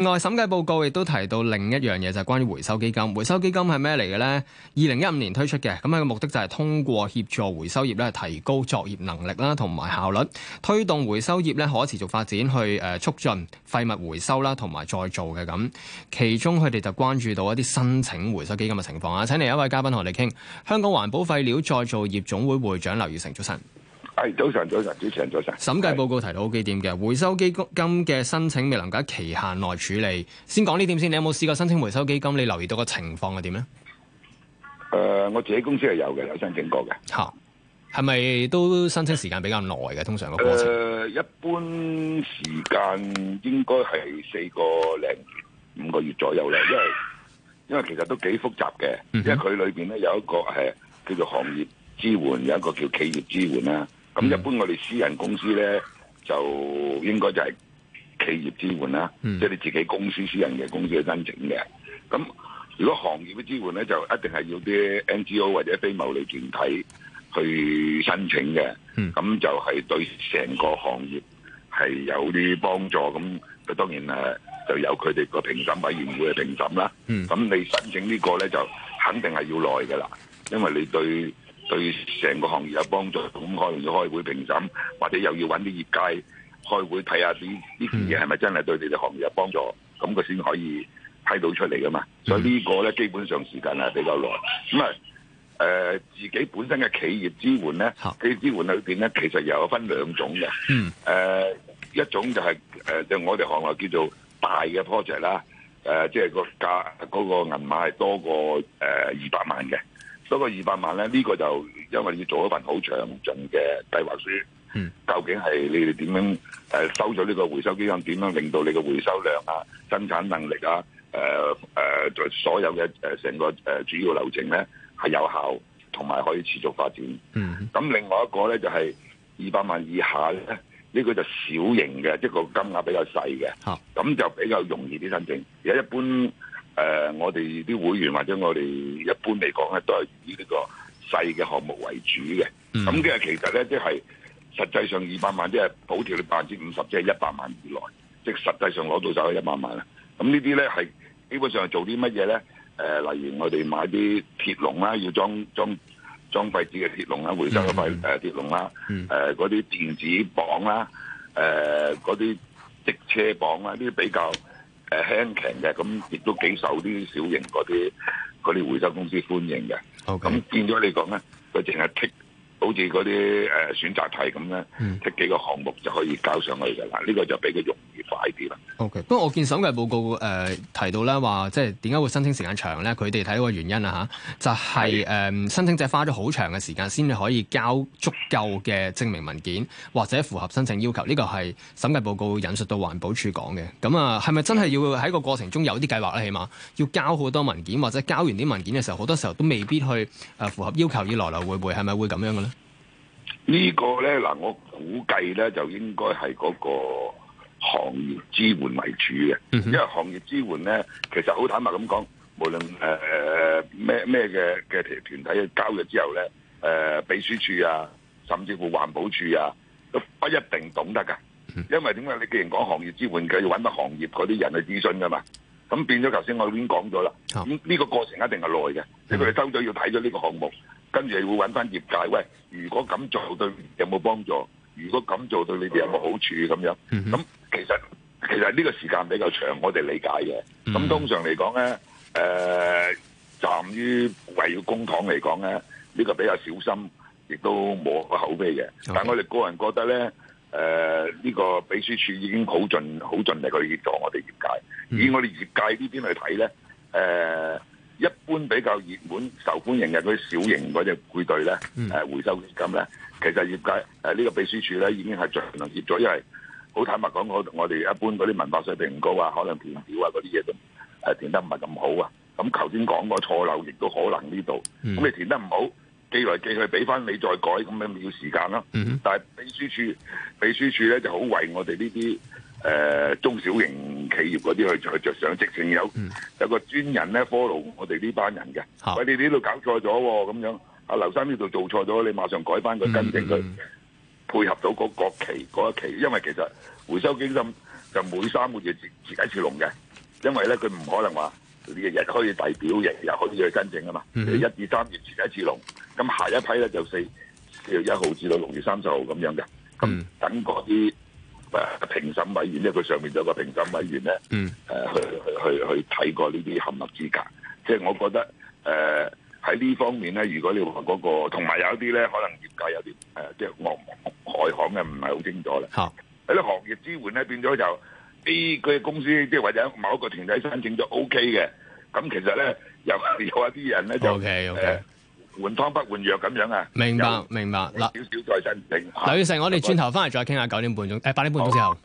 另外審計報告亦都提到另一樣嘢，就係、是、關於回收基金。回收基金係咩嚟嘅呢？二零一五年推出嘅，咁佢嘅目的就係通過協助回收業咧，提高作業能力啦，同埋效率，推動回收業咧可持續發展，去誒促進廢物回收啦，同埋再造嘅咁。其中佢哋就關注到一啲申請回收基金嘅情況啊。請嚟一位嘉賓同我哋傾香港環保廢料再造業總會會，會長劉耀成，早晨。係，早晨，早晨，早晨，早晨。審計報告提到好幾點嘅是回收基金嘅申請未能喺期限內處理。先講呢點先，你有冇試過申請回收基金？你留意到個情況係點呢？誒、呃，我自己公司係有嘅，有申請過嘅。嚇、啊，係咪都申請時間比較耐嘅？通常嘅過程、呃。一般時間應該係四個零五個月左右啦。因為因為其實都幾複雜嘅，嗯、哼因為佢裏面咧有一個係叫做行業支援，有一個叫企業支援咁一般我哋私人公司咧，就應該就係企業支援啦，即係你自己公司私人嘅公司去申請嘅。咁如果行業嘅支援咧，就一定係要啲 NGO 或者非牟利團體去申請嘅。咁、嗯、就係對成個行業係有啲幫助。咁佢當然誒、啊、就有佢哋個評審委員會嘅評審啦。咁、嗯、你申請個呢個咧就肯定係要耐嘅啦，因為你對。對成個行業有幫助，咁可能要開會評審，或者又要揾啲業界開會睇下啲呢件嘢係咪真係對你哋行業有幫助，咁佢先可以批到出嚟噶嘛。所以呢個咧基本上時間係比較耐。咁啊誒，自己本身嘅企業支援咧，企業支援裏邊咧其實又有分兩種嘅。嗯、呃。誒一種就係、是、誒、呃、就我哋行內叫做大嘅 project 啦、呃。誒即係個價嗰個銀碼係多過誒二百萬嘅。嗰個二百萬咧，呢、呢個就因為要做一份好詳盡嘅計劃書，嗯、究竟係你哋點樣誒收咗呢個回收基金，點樣令到你嘅回收量啊、生產能力啊、誒、呃、誒、呃、所有嘅誒成個誒主要流程咧係有效，同埋可以持續發展。咁、嗯、另外一個咧就係二百萬以下咧，呢、呢個就小型嘅，一、就、個、是、金額比較細嘅，咁、啊、就比較容易啲申請。而家一般。誒，uh, 我哋啲會員或者我哋一般嚟講咧，都係以呢個細嘅項目為主嘅。咁即、嗯、其實咧，即、就、係、是、實際上二百萬，即係補貼你百分之五十，即係一百萬以內，即、就是、實際上攞到手係一百萬啦。咁呢啲咧係基本上係做啲乜嘢咧？誒、呃，例如我哋買啲鐵籠啦，要裝裝裝廢紙嘅鐵籠啦，回收嘅廢誒鐵籠啦，嗰啲、嗯嗯呃、電子磅啦，嗰啲積車磅啦，呢啲比較。誒輕嘅，咁亦都幾受啲小型嗰啲啲回收公司歡迎嘅。咁 Okay. 變咗你講咧，佢淨係剔。好似嗰啲誒選擇題咁咧，出幾個項目就可以交上去嘅啦。呢、嗯、個就比較容易快啲啦。O K，不過我見審計報告誒、呃、提到咧話，即係點解會申請時間長咧？佢哋睇個原因啊嚇，就係、是、誒、呃、申請者花咗好長嘅時間先至可以交足夠嘅證明文件，或者符合申請要求。呢個係審計報告引述到環保署講嘅。咁啊，係咪真係要喺個過程中有啲計劃咧？起碼要交好多文件，或者交完啲文件嘅時候，好多時候都未必去誒符合要求要來來回回，係咪會咁樣嘅咧？這個呢個咧嗱，我估計咧就應該係嗰個行業支援為主嘅，嗯、哼因為行業支援咧其實好坦白咁講，無論誒咩咩嘅嘅團體嘅交易之後咧，誒、呃、秘書處啊，甚至乎環保處啊，都不一定懂得㗎。嗯、哼因為點解你既然講行業支援嘅，要搵到行業嗰啲人去諮詢㗎嘛？咁變咗頭先我已經講咗啦。咁呢好個過程一定係耐嘅，因為佢哋都要睇咗呢個項目。跟住會你揾翻業界，喂，如果咁做對你有冇幫助？如果咁做對你哋有冇好處咁樣？咁、mm hmm. 其實其實呢個時間比較長，我哋理解嘅。咁通常嚟講咧，誒、呃，站於為咗公帑嚟講咧，呢、這個比較小心，亦都冇個口碑嘅。Mm hmm. 但我哋個人覺得咧，誒、呃，呢、這個秘書處已經好盡好盡力去協助我哋業界。以我哋業界邊呢邊去睇咧，誒、呃。一般比較熱門、受歡迎嘅嗰啲小型嗰隻配對咧，誒、嗯、回收基金咧，其實業界誒呢、呢個秘書處咧已經係盡量協咗。因為好坦白講，我哋一般嗰啲文化水平唔高啊，可能填表啊嗰啲嘢都誒填得唔係咁好啊。咁頭先講個錯漏亦都可能呢度，咁你填得唔好，寄來寄去俾翻你再改，咁樣要時間咯。嗯、但係秘書處秘書處咧就好為我哋呢啲。誒、呃、中小型企業嗰啲去去著上，直係淨有、嗯、有個專人咧 follow 我哋呢班人嘅，喂、啊，你呢度搞錯咗咁樣，阿、啊、劉生呢度做錯咗，你馬上改翻佢，跟正佢配合到、那個、嗯國旗那個期嗰一期。因為其實回收基金就每三個月自自體次龍嘅，因為咧佢唔可能話呢日，日可以遞表，日日可以去跟正啊嘛。嗯、一、二、三月自體次龍，咁、嗯、下一批咧就四四月一號至到六月三十號咁樣嘅。咁、嗯、等嗰啲。誒評審委員咧，佢上面有個評審委員咧，誒去去去去睇過呢啲合唔合資格，即係我覺得誒喺呢方面咧，如果你話嗰個，同埋有一啲咧，可能業界有啲誒，即係外行嘅唔係好清楚啦。喺啲行業支援咧，變咗就 A 佢嘅公司即係或者某一個團體申請咗 O K 嘅，咁其實咧有有一啲人咧就 O K O K，換湯不換藥咁樣啊！明白，就明白。嗱，少少再申請。劉耀成，我哋轉頭翻嚟再傾下九點半鐘、呃，八點半鐘之後。啊